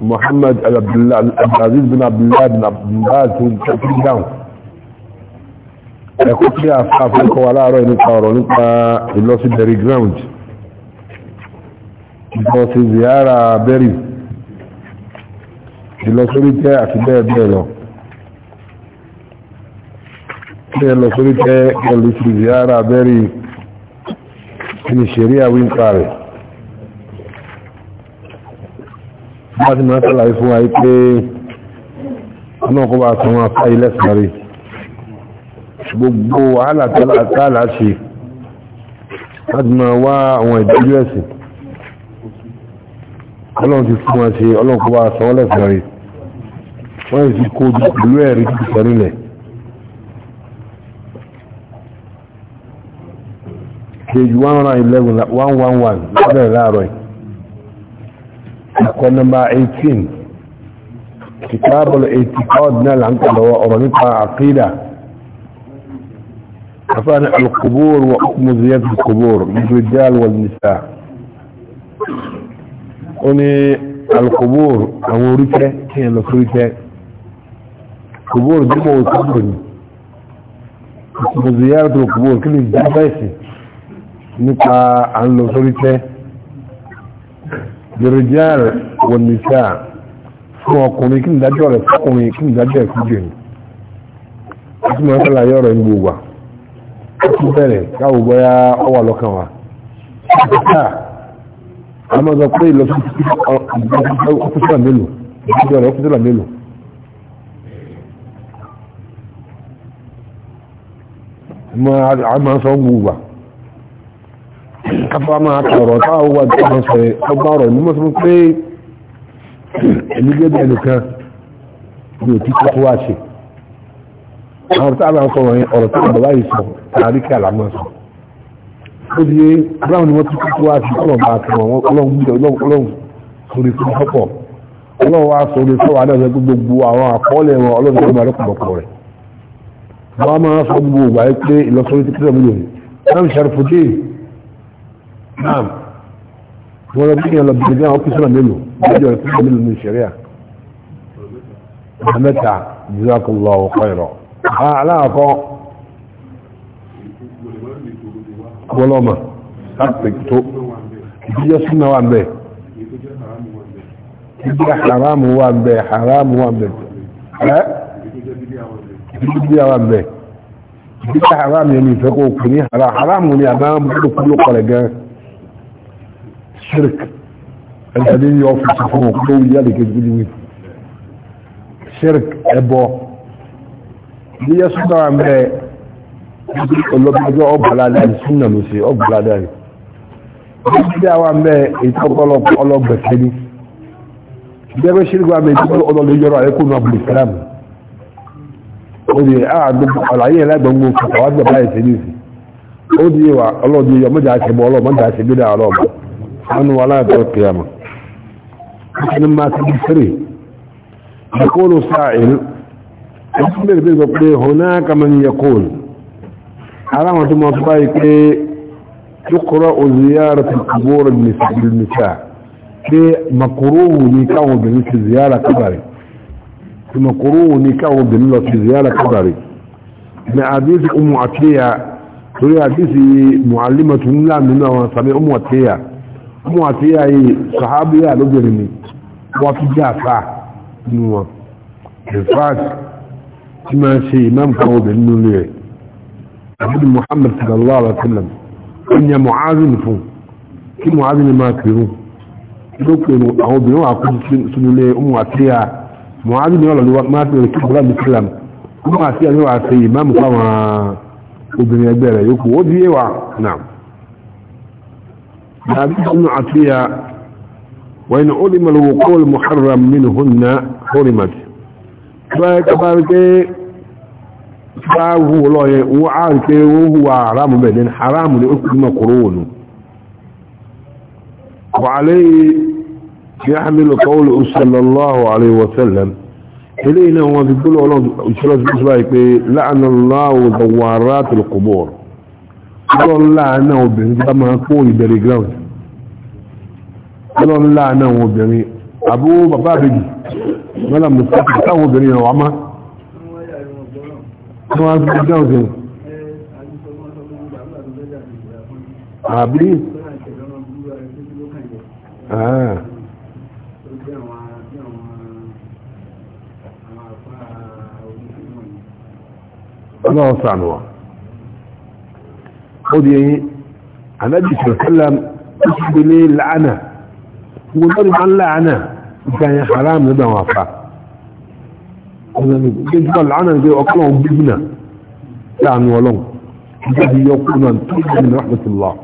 محمد abdulaziz bin abdullahi bin abdullahi tó ń dáhùn ẹ̀kọ́ tí a fa àfẹ́kọ́ wa láàárọ̀ nípa ọ̀rọ̀ nípa ìlọsí berry ground ìlọsí ziyara berry ìlọsórí tẹ́ àti bẹ́ẹ̀ bẹ́ẹ̀ lọ tí ẹ lọsórí tẹ́ ìlọsí ziyara berry kí ni ṣeré àwíńpa rẹ̀ bá ti máa tàlàyé fún àyí pé ọlọ́kọ́ bá sọ wọn afá ilẹ̀ sàárè gbogbo wàhálà tààlà ṣe láti máa wá àwọn ìdájú ẹ̀sìn ọlọ́run ti fún wọn ṣe ọlọ́kọ́ bá sọ wọn lẹ́sàárè wọ́n yìí ti kó ojú pẹ̀lú ẹ̀rí tó sọ nílẹ̀ page 111 lábẹ̀rẹ̀ láàárọ̀ yìí ẹ̀kọ́ nọmba 18 kìtàbùl ìtìkọ́d náà làǹkàlọ́wọ́ ọ̀rọ̀ nípa àkídà kafan alkubur wa muziyat alkubur rijal wal nisa oni alkubur àwọn oríkẹ́ kí ẹ lọ sóríkẹ́ kubur dípò kubur ni muziyat alkubur kí ni jábẹ́sì nípa à ń lèrèjìàrì wọn ní sáà fún ọkùnrin kí nìdájọ́ rẹ̀ fọkùnrin kí nìdájọ́ rẹ̀ fún jẹun àti mọ̀ ẹ́kọ́ láyé ọ̀rọ̀ ìgbò wà ó tún bẹ̀rẹ̀ káwò bọ́yá ọ wà lọ́kàn wa sáà a máa sọ pé ìlọsí ọkùnrin mélòó ìdájọ́ rẹ̀ ọkùnrin mélòó a máa sọ ń gbò wà kápá máa tọ̀rọ̀ táwọn wà tí wọ́n sọ̀rọ̀ ọgbà ọ̀rọ̀ ní mọ́sán pé ẹ̀lúgbẹ́ bẹ̀rẹ̀ nìkan ní òtí kókó wá ṣe àwọn tí a bá ń sọ̀rọ̀ yẹn ọ̀rọ̀ tí wọ́n bá yìí sọ tààrí kí àlámọ́ sọ ó di aláwọ̀ ni wọ́n ti kókó wá sí ọlọ́run bá tẹ̀ wọ́n ọlọ́run sórí fún ọ̀pọ̀ ọlọ́run wá sórí fọwọ́ adájọ́ gbogbo àwọn àkọọ́lẹ̀ wọn ọlọ́run tó máa lọ́pọ̀lọpọ̀ rẹ̀ wọ́n máa sọ gbogbo ìgbà pé ìlọsọrí ti kíkọ́ mi lòdì náà ṣàrùfù déè naam wọ́n lọ bí yẹn lọ bìrì náà ó kí sọ́nà mélòó lọ́jọ́ ìpínlẹ̀ mélòó ní ìṣẹ̀ríà mẹ́ta jazakallahu khayra aláàkọ́ bọ́lọ́mà láti tó ìdíjọ́ súnmọ́ wà bẹ́ẹ̀ ìdíjọ́ haramu wà bẹ́ẹ̀ haramu wà bẹ́ẹ̀ ẹ́ ìdíjọ́ wà bẹ́ẹ̀ ìdíjọ́ haramu yẹn ní ìfẹ́ kó kù haramu ni àbá mú kúrò kúrò kọ̀rẹ̀ gan shirk ẹ̀sẹ̀dé yọ fìtì fún òkú tó wùyá lè kéjì ní shirk ẹbọ bí yẹ súnà mẹ́ olóbìnrin ọgbàládà ní súnà ló ṣe عن ولاء القيامة لما تبصري يقول سائل أخبر بذلك هناك من يقول علامة مطبعك تقرأ زيارة القبور للنساء في مقروه نكاو بمثل زيارة كبري في مقروه نكاو بمثل زيارة كبري من حديث أم عطية تري حديث معلمة الله منها وصبي أم عطية mú àti ayé sàhábíyà lóbìnrin ni wọ́n fi jẹ́ àfà nínú wọn in fact tí máa ṣe imam kan obìnrin nínú rẹ̀ àbúrò muhammad sallallahu alaihi wa sallam ó yẹ mu'azin fún kí mu'azin máa kírun ló pè mú àwọn obìnrin wà kún sínú ilé mú àti ayé mu'azin ni ọlọ́lọ́wọ́ máa pè kí bọ́lá mi sílám mú àti ayé wà ṣe imam fáwọn obìnrin ẹgbẹ́ rẹ̀ yókù ó bí wa náà ثابت بن عطية وإن علم الوقوع المحرم منهن حرمت فكبارك فهو الله وعارك وهو حرام بين حرام لأكل مقرون وعليه يحمل قول صلى الله عليه وسلم إلينا وما في كل علوم لعن الله دوارات القبور ọlọ́nlá náà obìnrin tó bá máa kó ìbẹ̀rẹ̀ ground ọlọ́nlá náà obìnrin àbú bàbá àbẹ̀jì mọ́lá mùsùlùmí táwọn obìnrin rẹ̀ wá má wọ́n wá خذ ايه عن ابي صلى الله عليه وسلم اسم ليه لعنة ونضرب عن لعنة كان حرام لدى وفاة جيت قال لعنة جيت اقلهم بابنة كان ولهم الذي يقول ان من رحمة الله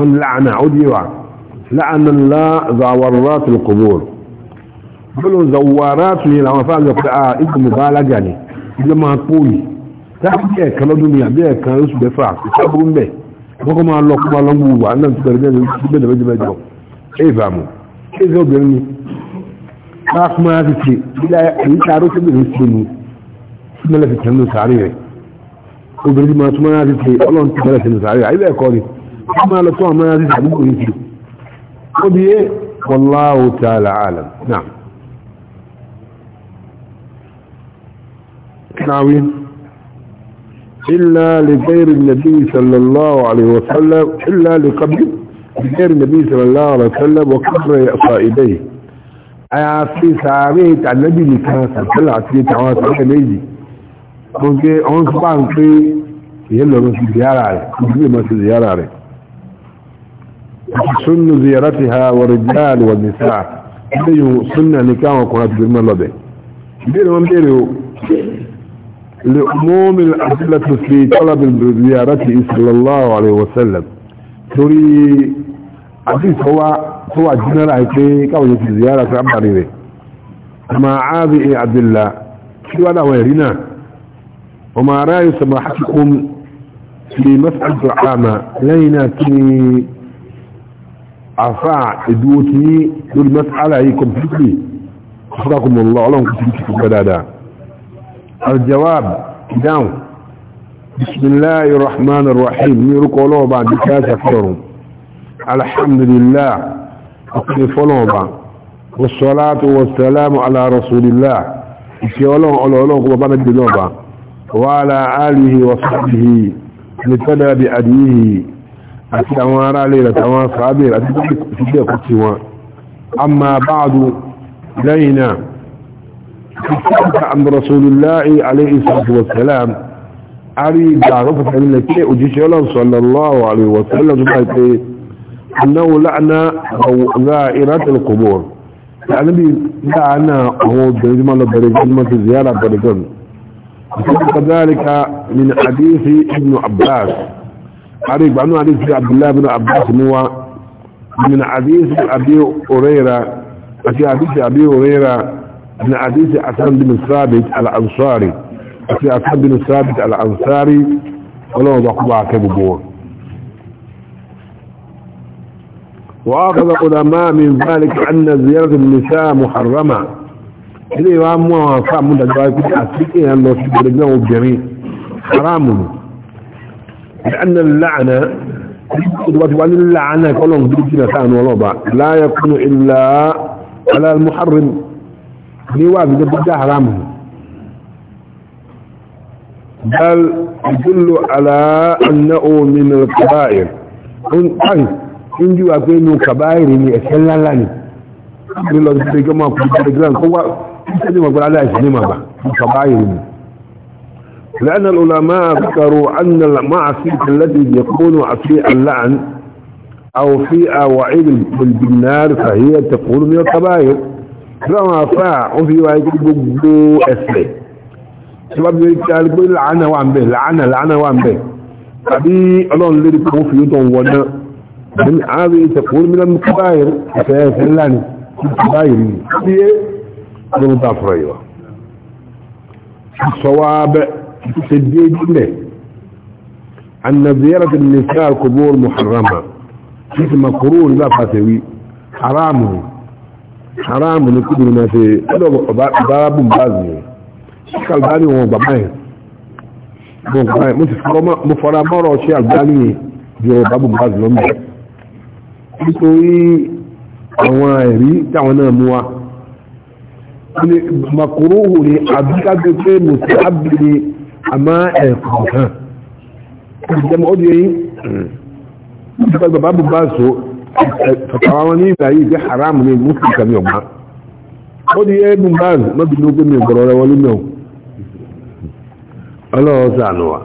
من لعنة عدي وعن لعن الله زورات القبور قالوا زورات لي لما فعل يقول اه انت مبالغة يعني ما تقولي láti ẹ̀ẹ̀kan lọ́dún ni àbí ẹ̀ẹ̀kan oṣù mẹ́fà ìṣàbùrú mẹ́ àkọ́kọ́ máa lọ kó máa lọ wù wà náà ti bẹ̀rẹ̀ bẹ́ẹ̀ bẹ́ẹ̀ bẹ́ẹ̀ jọ ẹ̀ ìbámu ẹ̀ ìfẹ́ obìnrin ni káàkó máa ti ṣe ilé ẹ̀yìn sáré tó bẹ̀rẹ̀ ṣe nu sí mẹ́lẹ̀ fi tẹ̀lé sáré rẹ̀ obìnrin ti máa tún máa ṣe ọlọ́run ti bẹ̀rẹ̀ Now we... إلا لغير النبي صلى الله عليه وسلم إلا لقبل غير النبي صلى الله عليه وسلم وكبر صائديه àyàfi sàárè tànàbì nìkan sàtẹ́lá àti ìtàwọn àtàkẹ́ méjì tó ń gé ọ́n sọ́pá ń pé ìyẹ́ lọ́rọ̀ sí ziyara rẹ̀ ìdí lè mọ́ sí ziyara rẹ̀ súnnù ziyara ti ha wọ̀rọ̀ jáàlì wọ̀ nìsáà ilé yóò súnnà ní káwọn ọkùnrin àti ìgbìmọ̀ lọ́bẹ̀ ìbéèrè wọn béèrè o لعموم الأسئلة في طلب الزيارة صلى الله عليه وسلم تري عزيز هو هو جنرى هكي كوية الزيارة عبر إليه ما عادي إيه عبد الله شو أنا ويهنا وما رأي سماحتكم في مسألة العامة لينا كي عفاء إدوتي دول مسألة هي كمبيوتري أخذكم الله ولهم كتبتكم بدادا الجواب داو بسم الله الرحمن الرحيم يرقوا له بعد كاسة كرم الحمد لله أقلفوا له بعد والصلاة والسلام على رسول الله يقولون أولوك وبنا الجنوبة وعلى آله وصحبه نتدى بأديه أتوارى ليلة وصابير أتدى أما بعد لينا عن رسول الله عليه الصلاة والسلام أريد عرفة عن لك أجيش الله صلى الله عليه وسلم أنه لعنى أو زائرة القبور يعني لعنى هو برجمة في زيارة برجمة كذلك من حديث ابن عباس أريد عنه حديث عبد الله بن عباس هو من حديث أبي هريرة حديث أبي هريرة ابن عزيز عثمان بن ثابت الأنصاري في عثمان بن ثابت الأنصاري ولو ضقبع كببور وأخذ علماء من ذلك أن زيارة النساء محرمة الإمام موافع من الجوائب الأسفكين أنه سيدنا وبجميع حرام لأن اللعنة وأن اللعنة كلهم لا يكون إلا على المحرم لواء بدأ حرامه بل يدل على أنه من الكبائر أن ان wa pé inú kàbá èrè ni ẹ̀ṣẹ̀ ńlá ńlá ni ní lọ sí ẹgbẹ́ máa fi jẹ́ grand kó wá títẹ́ ní mọ̀gbọ́n aláìsí ní màbà ní kàbá èrè ni lo si egbe maa fi je grand ko wa ni ni لان العلماء ذكروا أن المعصية التي يكون في اللعن أو في وعيد بالنار فهي تكون من الكبائر láwọn afá wọ́n fi wáyé gbogbo ẹ̀sẹ̀ tí wọ́n bí i kí alẹ́ pé làánà wà ń bẹ̀ làánà làánà wà ń bẹ̀ tàbí ọlọ́run lérí pé wọ́n fi yóò tán wọ́n náà ní àárín ìtẹ̀kùn mílíọ̀nù kábáyìí ẹ̀fẹ́ ẹ̀fẹ́ ńlá ni kábáyìí ni bí i ọdún tá fọ́rọ̀ yìí wá sọ wá bẹ́ ṣe dé jílẹ̀ annabiyar ti nisa kubur muharrama títí makuru nígbà fàtẹ̀wí haramu haramu ní kúrò náà ṣe ọdọ̀ ọ̀bárábù báàzì rẹ̀ ṣíkà albani wọn bàbá ẹ̀ mo fọ́ra mọ́rọ̀ ṣe albani ju ọ̀bábù báàzì lọ́mọ nítorí àwọn ẹ̀rí táwọn náà mú wa ní makuruhu ni àbíkágbé pé mùsùlùmí abìlì àmá ẹ̀kọ̀ kan ìjẹmọ́ ọdún yẹn ní ìjọba bàbá bù fàtàwà wọn ní ìgbà yìí jẹ́ haram ní mùsùlùmí kàmí ọ̀gbá ó di ẹ́bùn báàzì mọ́bí ní ogún mi gbọ́rọ̀ rẹ wọlé náà ọlọ́wọ́ sànù wa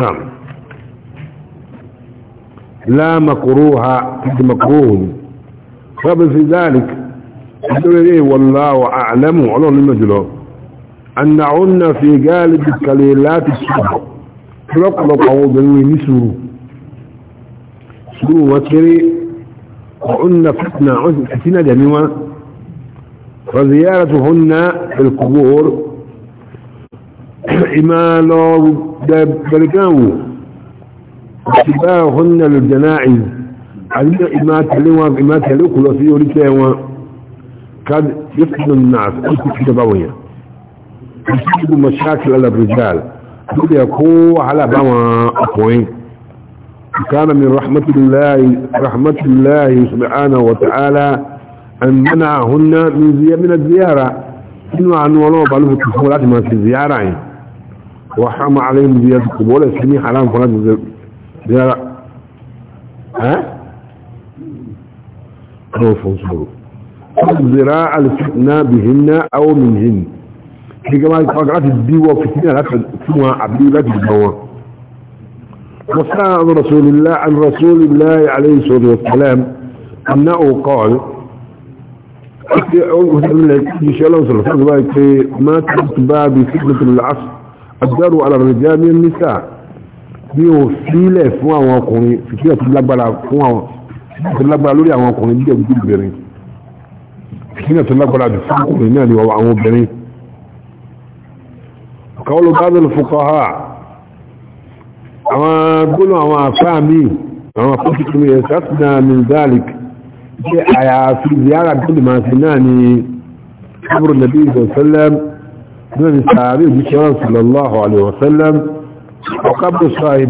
náà láàmàkòrò ha ti màkòrò ni rọ́bì fi dáàlì nítorí wallahu a'lamu ọlọ́run nínú jùlọ annáhùn na fi gáàlì bí kalẹ̀ láti sùúrù lọ́pọ̀lọpọ̀ àwọn obìnrin ní sùúrù شنو وكري وعن فتنا عزن فتنا جميعا فزيارتهن القبور إمالا بلقاو اشتباهن للجنائز عزن إمات لوا إمات لوكو لسيو لكيوا كاد يفتن الناس أنت كتبوية يشتبوا مشاكل على الرجال يقول يقول على بوا أخوين كان من رحمة الله رحمة الله سبحانه وتعالى أن منعهن من زي من الزيارة إنه عن ولو بلغ تفولات ما في الزيارة وحرم عليهم زيارة قبول السلمي حرام فلات زيارة ها؟ خوف وصول الزراعة لفتنا بهن أو منهن في جمال فقرات الديوة وفتنة لا تسمى عبد الله تسمى وسأل رسول الله عن رسول الله عليه الصلاة والسلام أنه قال ما تتبع بفتنة العصر الدار على الرجال من النساء بيو سيلة فوا وقوني فكرة تلبلا فوا تلبلا لوري وقوني بيو بيو بيرين فكرة تلبلا بفوا وقوني نالي وقوني بيرين قول بعض الفقهاء àwọn gbónà àwọn àfáà míì àwọn akọ́kùnkùn rẹ̀ sátìdá mildalik jẹ́ àyàfi ziyara gbónà máa fi náà ni kábùrù nàbí ìsọ̀sẹ́lẹ́m náà ni sàárè òjíṣẹ́ ọ̀rọ̀ sallallahu alaihi wasallam ọkábùrù sàárè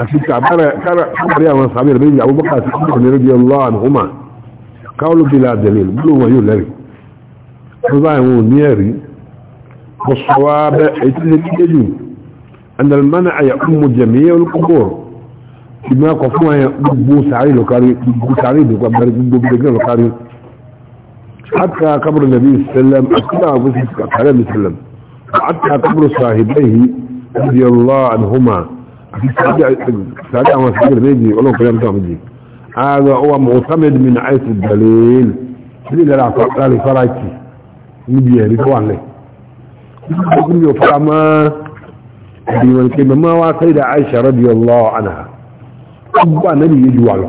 àti kàbàrí àwọn sàárè rẹ̀ yìí abubakar sí kúrò ní rẹ̀ yallahu anhuma káwọlù bí ládẹ̀lẹ̀ gbónà wọn yóò lẹ́rì wọ́n bá àwọn òní ẹ̀rí mọ̀sọ̀wá bẹ́ ètí عند المنع يعم الجميع القبور كما قفوا يبو سعيد وكاري يبو سعيد وكاري حتى قبر النبي صلى الله عليه وسلم أتبع وسلم وسلم حتى قبر صاحبيه رضي الله عنهما في سعيد عن سعيد بيدي ولو كلام تعمدي هذا هو معتمد من عيس الدليل اللي لا فراتي نبيه لكوانه يقول لي àdìwọ̀n kí màmá wa sẹ́yìn dà Aisha radiyallahu anha gbogbo ànábì yìí ju wà lọ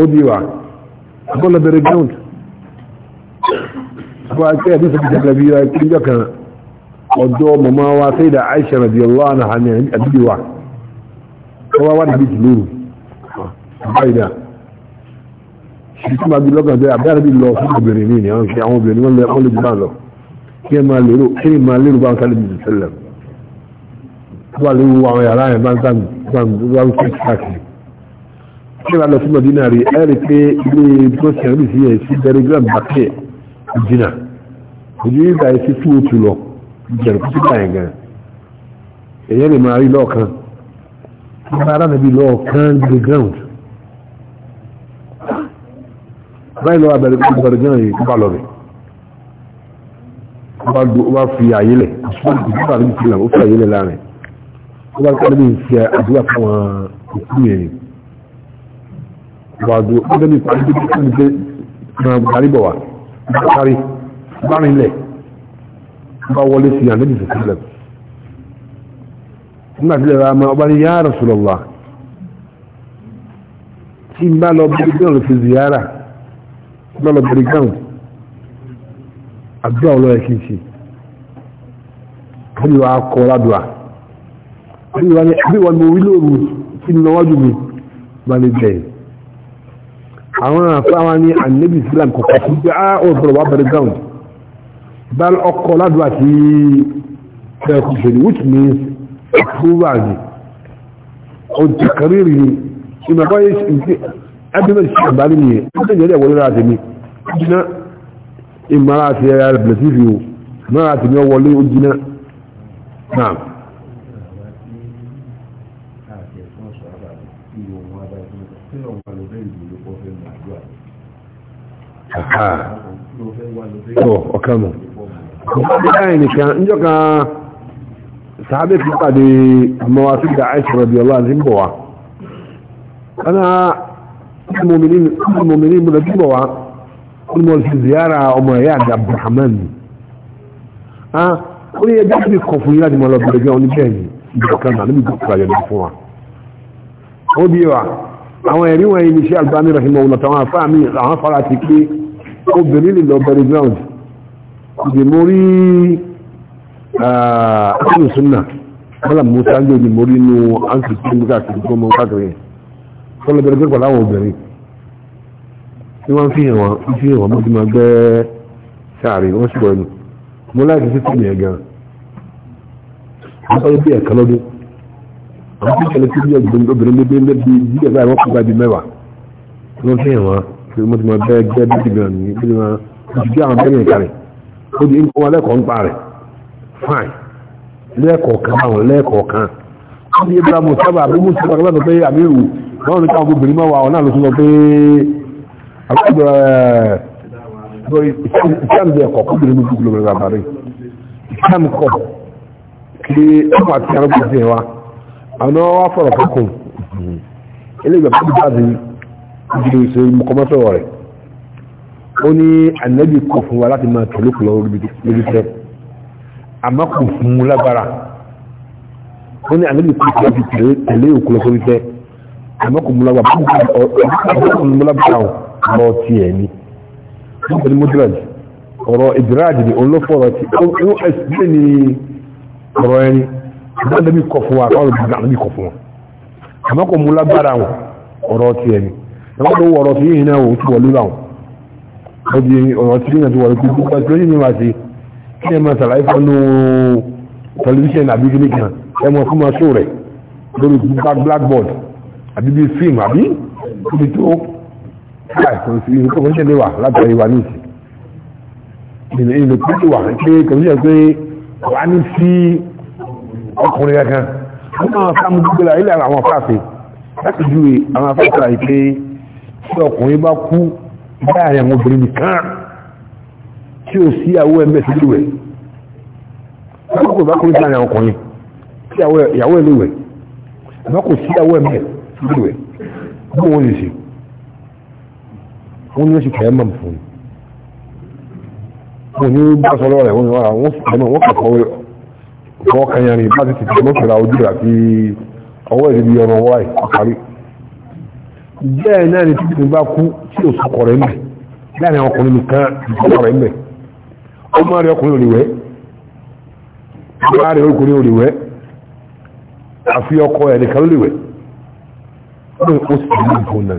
ó di wa àbọ̀lọ̀ bẹ̀rẹ̀ ground àbọ̀ akẹ́ àdìsọ́ ti jẹ́kẹ̀lẹ́ bí i kí n jọ kan ọ̀dọ́ màmá wa sẹ́yìn dà Aisha radiyallahu anha ní àdìdì wa wọ́n wá wà níbi ìlú àbáyìdá tí ma bí lọ́gàn bẹ́ àbẹ́ àrẹ́bí lọ fún obìnrin ní àwọn obìnrin wọ́n lè jù bá lọ kí ẹ máa lérò bá ń sálẹ̀ bí sẹ́lẹ̀ wà lè wo àwọn yàrá yẹn bá ń tàn wà ń fẹ́ káàkiri kí wàá lọ sí Madina rí ẹ rí pé ilé bọ́sẹ̀ rí sí ẹ̀ sí bẹ̀rẹ̀ gram bàkẹ́ ìjìnà ojú ìgbà yẹn sí tú òtù oh lọ jẹ̀rù kó sí gbà yẹn gan èyẹ́ lè máa rí lọ́ọ̀kan nípa ara nàbí lọ́ọ̀kan the ground báyìí lọ́wọ́ abẹ́rẹ́ kó bẹ̀rẹ̀ gan yìí kó bá lọ rẹ̀ kó fi àyè lẹ̀ kó fi àyè lẹ̀ láàrin wọ́n kọ́ ní ìṣe àdúrà fáwọn òkú yẹn wàdù ọdún ní ìpàdé tó kí ní pé máa gbàrí bọ̀ wá kárí bá rìn lẹ̀ bá wọlé sí àlejò sílẹ̀ nígbà tí lè ra máa ọba ní yá Rasulullah tí n bá lọ bẹ̀rẹ̀ gbọ́n lọ fi ziyara bá lọ bẹ̀rẹ̀ gbọ́n àdúrà ọlọ́yẹ kì ṣe wọ́n yóò kọ́ ládùá bí wọn mo rí tí ń lọ́wọ́jú mi bá lè ah, bẹ̀rẹ̀ àwọn àfáwà ní ànẹ́bì islam kọ̀kọ́ fún pé ó bọ̀rọ̀ wà bẹ̀rẹ̀ gáùn bá ọkọ̀ ládùú àti ẹ̀kù which means approval ni òǹtẹ̀kẹ̀rìrì ni ìmọ̀kọ́ ẹgbẹ̀rẹ̀ sí àbárí ni ẹgbẹ̀rẹ̀ jẹ́rẹ̀ wọlé láti mi jiná ìmọ̀ra àti ẹ̀rẹ̀ bẹ̀rẹ̀ ò mọ́ra àti mi ọwọlé ó jiná náà ọ̀kanù ọ̀kanù nìkan níjọ́ kan sàábẹ́ fi pàdé àmọ́wá sí ìdá àìsàn rẹ̀ bí ọlá ní bọ̀ wá ana mọ̀mìnì mọ̀lẹ̀ bí bọ̀ wá ó mọ̀ sí ziyara ọmọ ẹ̀yà àti abdulhaman ni ó ní ẹjọ́ bí kọ̀ fún yíra jùmọ̀ lọ bẹ̀rẹ̀ jẹ́ oníbẹ̀ ni ìdọ̀kan náà níbi gbọ́kọ̀ obìnrin lè lọ bẹ̀rẹ̀ ground ìdìmọ̀ rí ààrùn súnà bọ́lá musa ní ìdìmọ̀ rí inú áńkì tí mo káàkiri tó mọ káàkiri yẹn tọ́lọ bẹ̀rẹ̀ pẹ̀lú àwọn obìnrin tí wọ́n fi hàn wọ́n fi hàn wọ́n mọ́ ti máa gbẹ́ sáàrí wọ́n sì wọ́n mo láti sí tìmì ẹ̀gá wọ́n tọ́jú bí ẹ̀ka lọ́dún àwọn tí wọ́n tẹ̀lé sí bí obìnrin lébí bí ẹ̀ka ìwọ́n kọ́ gbà bí mẹ́wàá wọ́n fi hàn wọ́n pé mo ti mọ bẹ́ẹ̀ gẹ́ bí gan ni bí mo ti gbé àwọn bẹ́ẹ̀ kalẹ̀ ó di nǹkan wọn lẹ́kọ̀ọ́ ń pa rẹ̀ fine lẹ́ẹ̀kọ̀ọ̀kan àwọn lẹ́ẹ̀kọ̀ọ̀kan ó di ibra mo sábà àbí mo sábà kọ́lá sọ pé àmì ìwò báwọn ní káwọn obìnrin máa wà ọ̀ náà ló tún sọ pé àgbàdo ìsáàmù bẹ́ẹ̀ ìdílé ìṣe mọ́kànmọ́sọ̀rọ̀ rẹ̀ ó ní ànábì kò fún wa láti máa tẹ̀lé kùlọ̀ lórí tẹ́ àmọ́ kò fún un lágbára ó ní ànábì kò fún láti tẹ̀lé òkúlọ̀ lórí tẹ́ àmọ́ kò mú lágbára kò mú lágbára lọ tiẹ̀ ni wọ́n pẹ̀lú mọ́tìràjì ọ̀rọ̀ ìdíráàjì ni olófọ̀rọ̀ ti ó ẹ̀sìn ní ọ̀rọ̀ ẹni ànábì kọ̀ fún wa ọ̀rọ̀ ànábì kọ̀ fún wa àmọ́ kò mú lágbára ọ̀rọ̀ tiẹ̀ ni wọ́n ló wọ̀rọ̀ sí ìhìnà òun tí wọ̀lú láwọn ọdí ọ̀rọ̀ tí ìhìnà tí wọ̀lú kú púpọ̀ tí ó yìí máa ṣe kí ẹ máa sàlàyé fọ́nú tẹlifíṣàn àbí gíní kan ẹ mọ̀ fún máa ṣó rẹ̀ lórí blackboard àbí bíi fíìmù àbí ibi tó kọ̀ọ̀ṣẹ́ lè wà látàrí wa ní ìsìn ìlú kú ti wà pé kọ̀ọ̀ṣẹ́ ọkùnrin kankan wọ́n máa sá mú gbígbé àwọn afáàfin láti ju àwọn afáàfin àìpé tí ọkùnrin bá kú láàrin àwọn obìnrin nìkan tí ó sí àwọ ẹ̀mẹ́ sí lúwẹ̀ ọkùnrin bá kú láàrin àwọn ọkùnrin tí ìyàwó ẹ̀ lúwẹ̀ sí àwọ ẹ̀mẹ́ sí lúwẹ̀ bí wọ́n lè ṣe wọ́n ní wọ́n sì kẹ́ mọ̀ fún un wọ́n bá sọ lọ́rẹ̀ wọ́n wọ́n wọ́n sì bá ti ti tẹ̀ mọ́ bẹ́ẹ̀ náà ni tí kìí bá kú tí ò sọkọ̀rọ̀ ẹ̀mẹ̀ láàrin ọkùnrin nìkan ìsọkọ̀rọ̀ ẹ̀mẹ̀ ọmọ rẹ̀ ọkùnrin òrìwẹ́ ọmọ rẹ̀ ọkùnrin òrìwẹ́ àfi ọkọ ẹ̀ nìkan lóríwẹ́ ó sì ní ìfò náà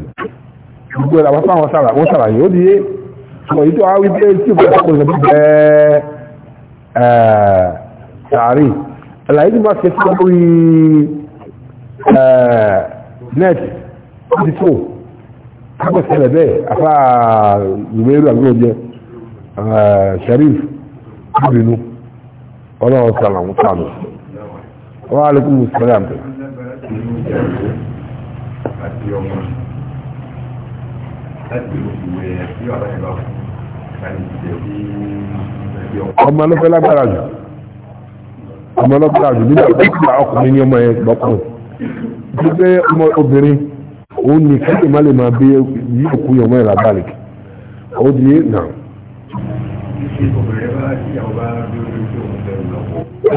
gbogbo ẹ̀rọ àwọn sáwọn sára wọ́n sára yìí ó di yé ti fò kápẹ́ sẹlẹ̀ bẹ́ẹ̀ afá zubairu àgbẹ̀rẹ̀ jẹ́ sharif abinu ọlọ́run sàlàmù sàlù wà á lẹ́kùn mùsùlùmí àmì. ọmọ ló fẹ́ lágbára jù ọmọ ló fẹ́ lágbára jù nígbà tó kí ọkùnrin ní ọmọ yẹn gbọ́kùnrin tó ọmọ obìnrin o ní kí má lè máa bí yóò kú yọmọ ìlà báàlì ó di nà.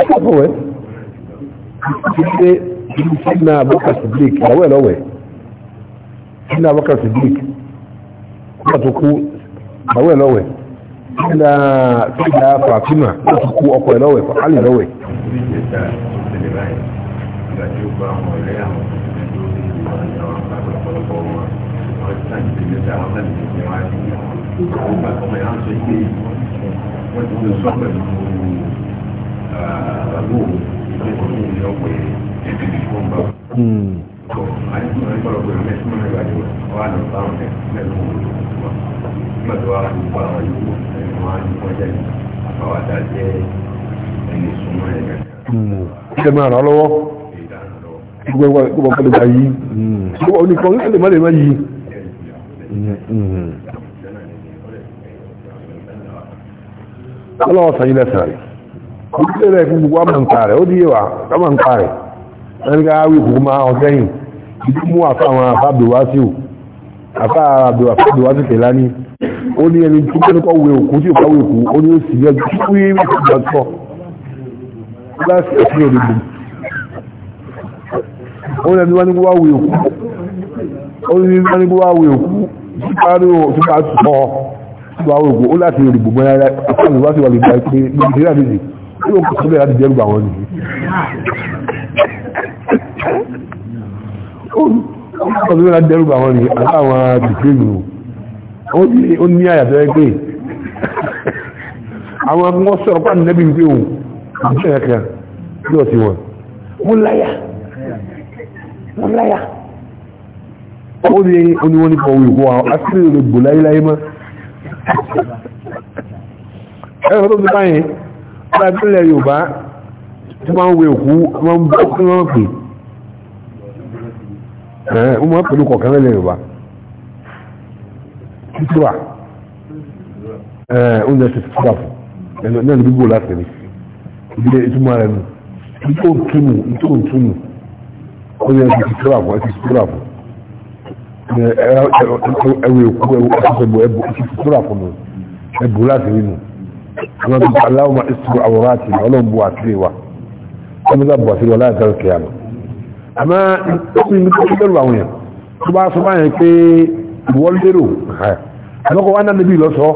ẹ̀ka fọwẹ́ ti ṣe ìlú sínú abọ́kà sidiq ìyàwó ẹ̀ lọ́wẹ̀ sínú abọ́kà sidiq nígbà tó kú ìyàwó ẹ̀ lọ́wẹ̀ sínú sínú Fatima nígbà tó kú ọkọ ẹ̀ lọ́wẹ̀ Ali lọ́wẹ̀. ìgbà tí ó bá wọn lẹ́yìn àwọn Hmm. wọ́n ti gbogbo nǹkan lè bá yí gbogbo nǹkan lè má lè má yí. ọlọ́wọ́ sanyí lẹ́sẹ̀ rẹ̀ ó ti lè fún gbogbo amọ̀nká rẹ̀ ó di yé wa amọ̀nká rẹ̀ ẹni ká wí kúkú máa ọ̀sẹ̀ yìí ìdí mú àfa àwọn àfa abdulwasiu àfa abdulwasiu kẹlani ó ní ẹni tó kẹ́ni kọ́ wé òkú tí ò bá wé òkú ó ní ó sì yẹ kí wí wí kúkú bá tọ́ òun ẹni wọ́n ní kó wá wí òkú òun ní wọ́n ní kó wá wí òkú sípárí ò tó bá tọ́ sípá òkú ó láti rí gbogbo ẹ̀rẹ́ àpáàlù wá sí wà lè gba ìpè níbi ìrìn àdéjì ó lóun kò síbẹ̀ láti jẹ́rù bà wọ́n nìyí. ó kọ̀ síbẹ̀ láti jẹ́rù bà wọ́n nìyí àti àwọn àdìgbé nù ó ní àyàtọ̀ ẹgbẹ́ àwọn ọmọ sọ̀rọ̀ pàdé nẹ́bí ń gbé òun àbúṣe ẹ̀kẹ́ yóò ti wọ̀n mú láyà wọ́n láyà ó ní oníwọ́n ní pọ̀wọ́ ìkó àwọn asírí rẹ̀ gbò láyéláyé mọ́ ẹ̀rọ tó ti báyìí ọ̀rọ̀ ìpínlẹ̀ Yorùbá tó máa ń wé òkú wọ́n ń bọ́ sí wọ́n pè ẹ̀ ó máa ń pẹ̀lú kọ̀ọ̀kan lẹ́lẹ̀ Yorùbá títíwà ẹ̀ oúnjẹ ti títíwà fún ẹ̀ náà ní bíbò láti rí ìdílé ìtumọ̀ rẹ̀ nù ìtòǹtúnù ìtòǹtúnù ó yẹ kí sítíra fún ẹtì sítíra fún ẹwù èkú ẹwù ẹtìsẹ̀bù ẹbù ẹtì sítíra fún mi ẹbù láti rí nu wọn ti aláwọ máa ṣe àwòrán àti ìlú ọlọ́run bu àtìrí wa wọn bí sábà àtìrí wa láì dárò kẹyà lọ. àmọ́ ọkùnrin mi tó kí bẹ́rù àwọn yẹn tó bá sọ báyẹn pé ìwọ́lérò àmọ́kọ̀ wá náà níbi ìlọ́sọ́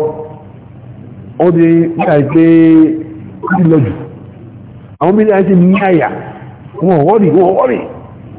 ó di ní àìpé ìlọ́jù àwọn bí i àìsí ní àyà wọn wọ́rì wọ́n wọ́rì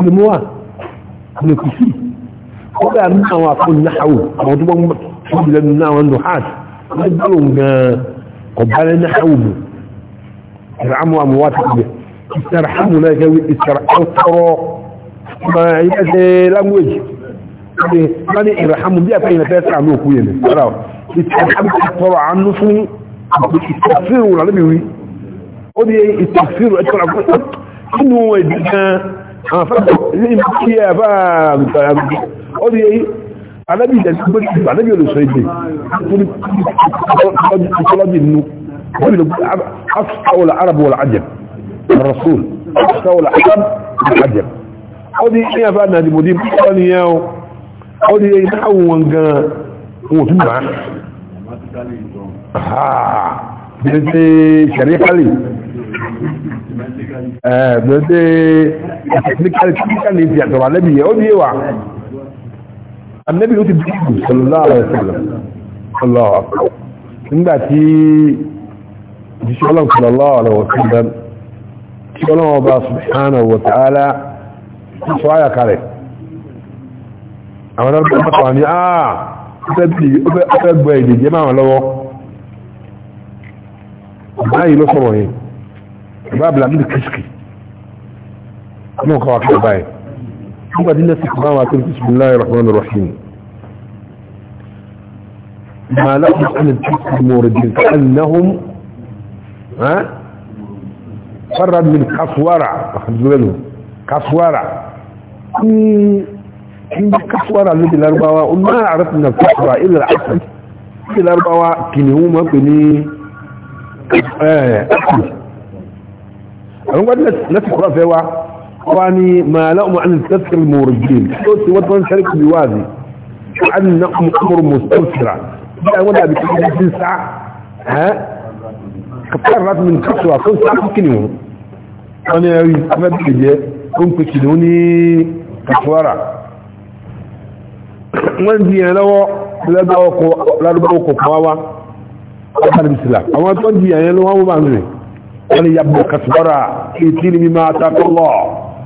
àlùmọ́wà àlùkùsí ọgbà ní àwọn àkọ́ náàwò àwọn tó wọ́n tóbi lẹ́nu náà wọn lọ́hàt wọ́n gbọ́rọ̀ gan ọ̀bálẹ́ náàwò mú ìràmù àmúwá ti gbẹ̀ ìsàràmù náà kẹwì ìsàràmù tọrọ ma yíká ṣe language wọ́n ni ìràmù bí àfẹ́ ìrìnàfẹ́ sàánú òkú yẹn ìsàràmù Àdábì ìjẹ̀sí pé àdábì olùsọ ìdè fún ìtọ́lọ́bì nínú wọ́n lè afẹ́wọ̀lá arabu wọ́lá ajẹ́m rasul afẹ́wọ̀lá arabu wọ́lá ajẹ́m ó dí ní afẹ́ àdìmòdí púpọ̀ ní yẹ́ ó dí ní àwọn gan wọn tún bá bí i ṣe ṣẹ̀rí kálì gbẹ́dẹ́ technical needs yàtọ̀ alẹ́bí yẹ ó bí wà anẹ́bí ó ti bí ìgbò sallallahu alaihi wasallam sallallahu nígbà tí jíṣẹ́ ọlọ́run sallallahu alaihi wasallam tí ọlọ́run ọba subhanahu wa ta'ala tí sọ áyà kalẹ̀ àwọn ọmọdé ọmọdé wà ní àà ah, ó fẹ́ gbọ́ èdè jẹ́ máa lọ́wọ́ báyìí ló sọ̀rọ̀ kuma kawo kai baya an ba dinna suka kama kan bismillahir rahmanir rahim ما لهم عن الجسد موردين كأنهم ها فرد من كسورة أخذوا كسورة إن كسورة الذي الأربعة ما عرفنا الكسورة إلا العسل في الأربعة كنهوما بني أسل أنا قد نسي قرأ فيها wani ma la'um an tafsir murjin so ti wata wani sharif bi wazi an na'um amur mustafsira da wanda bi kuma sun sa ha kafar rat min kaswa kun sa kini mu wani yayi kuma bi je kun ku kidi wani kafara wani biya lawo ladawo ko ladawo ko kawawa akan bisla amma ton biya ne lawo ba ne wani yabbo kasbara itini bima taqallah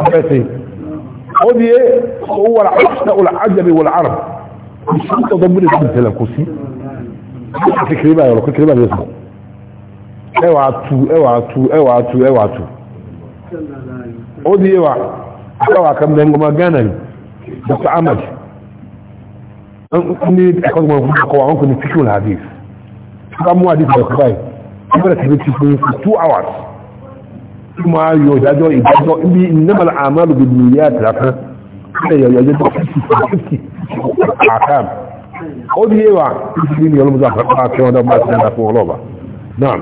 أبسي ودي هو العشق والعجب والعرب مش انت ضمني سنة الكرسي فكري بقى يقول فكري بقى يسمع اوعى تو اوعى تو اوعى تو اوعى تو ودي اوعى اوعى كم ده ما جانا بس عمل اني اخذ ما قوى عنكم تفكروا الحديث كم واحد يقول لك باي كبرت بيتي في تو اوعى tí máa yọ ìdájọ́ ìdájọ́ ibi ìnábàlá àmàlù bí i yá àtìlákan ilẹ̀ yọ̀yọ̀jẹ́ tó fífì àkàm ó di yéwà ìfìdí ni ọlọ́mọdé àkàkọ́ àti ọ̀dọ́ bá ti dára fún ọlọ́ba náà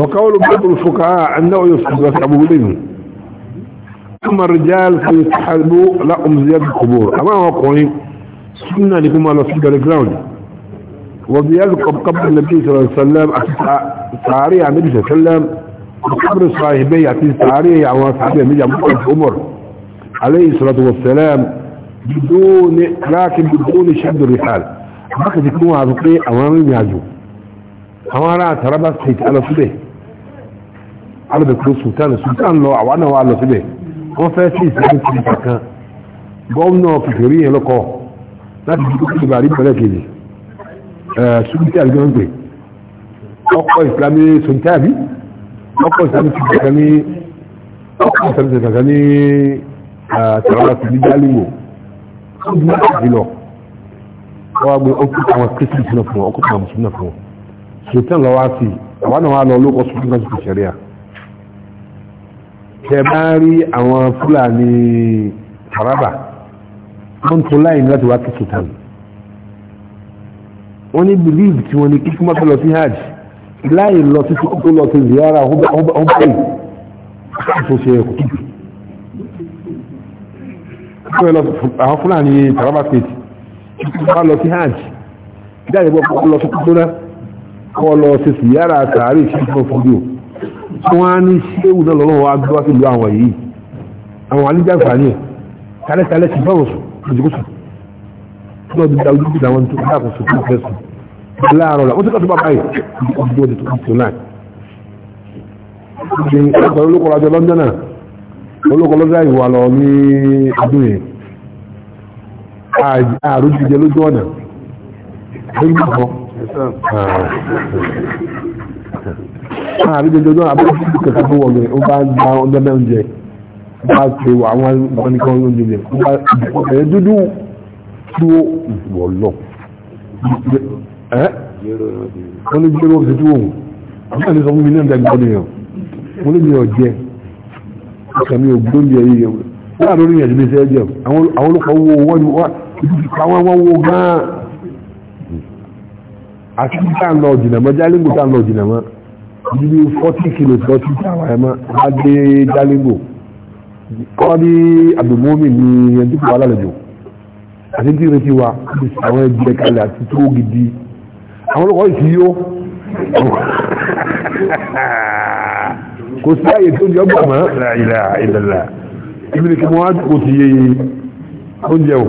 وقول بعض الفقهاء أنه يستحب أبوين أما لكم على سيدة الجراوند وبيذكر قبر النبي صلى الله عليه وسلم تعاريه عن النبي صلى الله عليه وسلم قبر صاحبي صاحبية تعاريه عن صاحبية مجا مقرد عمر عليه الصلاة والسلام بدون لكن بدون شد الرحال ما كنت يكون عزقي أمام يعجو أمارا تربس حيث على صبه على بكر سلطان السلطان لو أعوانا وعلى صبه هو فاسي سلطان سلطان قومنا فكريه لقوه لا تجدوا كل باريب ولا كده ṣùgbọ́n àgbẹ̀ ń pè ọkọ̀ ìsìlámí sọ̀tàbí ọkọ̀ ìsìlámí sọ̀tàbí ní ọkọ̀ ìsìlámí sọ̀tàbí ní tàràbà sí ní jálíwò ó dúró láti lọ wọ́n gbé ọkọ̀ àwọn kristi sínú fún ọkọ̀ àwọn mùsùlùmí fún sọ̀tàn lọ́wọ́ sí àwọn àwọn àlọ́ olóko sọ̀tàn láti fi ṣẹ̀ríà tẹ bá rí àwọn fúlàní tàràbà wọ́n tó láì láti wá kí sọ̀tàn wọ́n ní believe tí wọ́n ní kí kúmọ́ lọ sí hajj láì lọ sí tó lọ sí ziyara ọ̀bẹ̀rẹ̀ tó ṣe ẹ̀kọ́ kíkì kúmọ́ lọ àwọn fúlàní taraba state kúmọ́ lọ sí hajj jáde bọ́ kúmọ́ lọ sí tó náà kọ́ lọ sí ziyara sàárè sí fún fúdíò tí wọ́n á ní ṣéwù náà lọ́wọ́ wa gbé wá sí ìlú àwọn yìí àwọn alíjàǹfààní ẹ̀ kálẹ̀kálẹ̀ ti bọ́ lọ bí dáwọ́ dúdú dáwọn tó bá kò sókè fẹsùn láàárọ̀ la ó ti kàtó bàbá yìí ọdún ọdún tó kàtó náà ṣe ọgbà olókọ̀ ọjọ́ lọ́ndọ́nà olókọ̀ lọ́dọ́ ìwà lọ ní ọdún yẹn ààrùn jíjẹ lójú ọ̀nà ààrùn jíjẹ lójú ọ̀nà abẹ́rẹ́ fún kẹta tó wọ̀lẹ̀ ó bá gba ọdún oúnjẹ bá ṣe àwọn ọmọ nìkan oúnjẹ tó wọ̀lọ̀ wọ́n ní gbẹ́rọ ọ̀sẹ̀ tí wọ́n wù nígbà ní sọ fún mi ní ẹ̀dá gbọ́dọ̀ yẹn wọ́n ní mi ò jẹ́ ọkàn mi ò gbóúnjẹ yìí yẹn wọ́n àdó níyànjú ní sẹ́yẹ́ jẹ́ àwọn olùkọ́ wo wọ́n ni wọ́n ìdúkà wọn wọ́n wo gan-an àti bí táà ń lọ jìnnà mọ́ jálíngò táà ń lọ jìnnà mọ́ ju bí forty kilo tí wọ́n ti tà wáyé mọ́ wọ́n á dé jálíngò kọ́ ní àdùmọ́mì ní ẹni tí kò wá lálejò àti tí ìrètí wa àwọn ẹgbẹ́ kalẹ̀ àti tó gidi àwọn olùkọ́ ìsì yó kò sí àyè tó jẹ́ ọgbà mọ́ ìlà ìlàlà ibi ni kí wọ́n á kò sí oúnjẹ o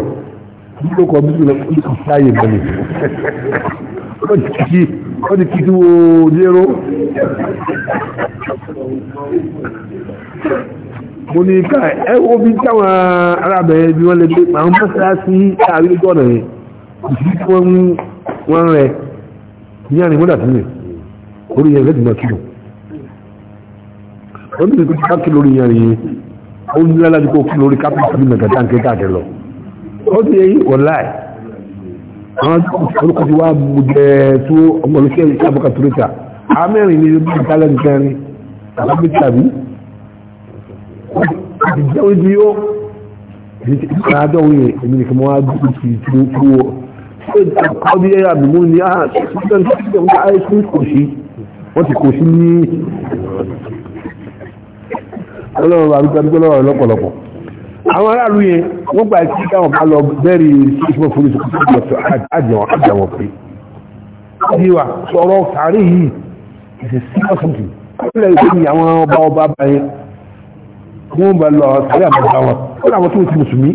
bí ó kọ́ bí ó kọ́ sí àyè mọ́ ni ó ti kí tí wo jẹ́rọ mo ní ká ẹ wo bí táwọn arábẹ̀rẹ̀ bí wọ́n lè gbé àwọn mọ́sálásí àrí ojú ọ̀nà yẹn ìsí tí wọ́n wọ́n rẹ̀ ní àrìn mọ́dà sílẹ̀ orí yẹn lẹ́dùn náà kìlò ó ní ìpínlẹ̀ káàkiri lórí yẹn yẹn ó ní lálájú kó kí lórí káàkiri tàbí mẹ̀gàdá nǹkan káàkiri lọ ó ti yẹ yìí wọ́n láì àwọn olùkọ́ ti wá jẹ tó ọmọlúkẹ́ ìṣàbọ̀kà tó rẹ̀ ta àmẹ́rin ní ibi ìtàlẹ́ nìkan rí tàbí tàbí jẹ́ ojú yóò ìkàdọ̀ òye èmi nìkan mọ́ agbègbè tí ó kú ọ ṣé àkọ́bí ẹ̀yà mímú ni a ṣùgbọ́n tó ṣe wọ́n ayé sí kò sí wọ́n ti kò sí ní ọlọ́run àrùgbàdúgbò lọ́rọ̀ lọ́pọ̀lọpọ̀ àwọn aráàlú yẹn wọ́n gbà tí káwọn bá lọ bẹ́ẹ̀rì ṣíṣọ́ fúnni tó kọ́ lọ́tọ̀ àjẹwọ̀n àjẹwọ̀n pé yíwa sọ̀rọ̀ sàárè yìí ìṣẹ̀sí ọ̀sán kì í wọ́n bá lọ sáré àmọ́ta wọn ó làwọn tó ti mùsùlùmí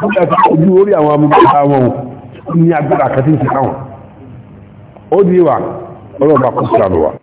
wọ́n bá ti ojú orí àwọn amúgbàta wọn ní agbára kan ń ṣe ó di wà ọlọ́ọ̀bà kó sàrò wà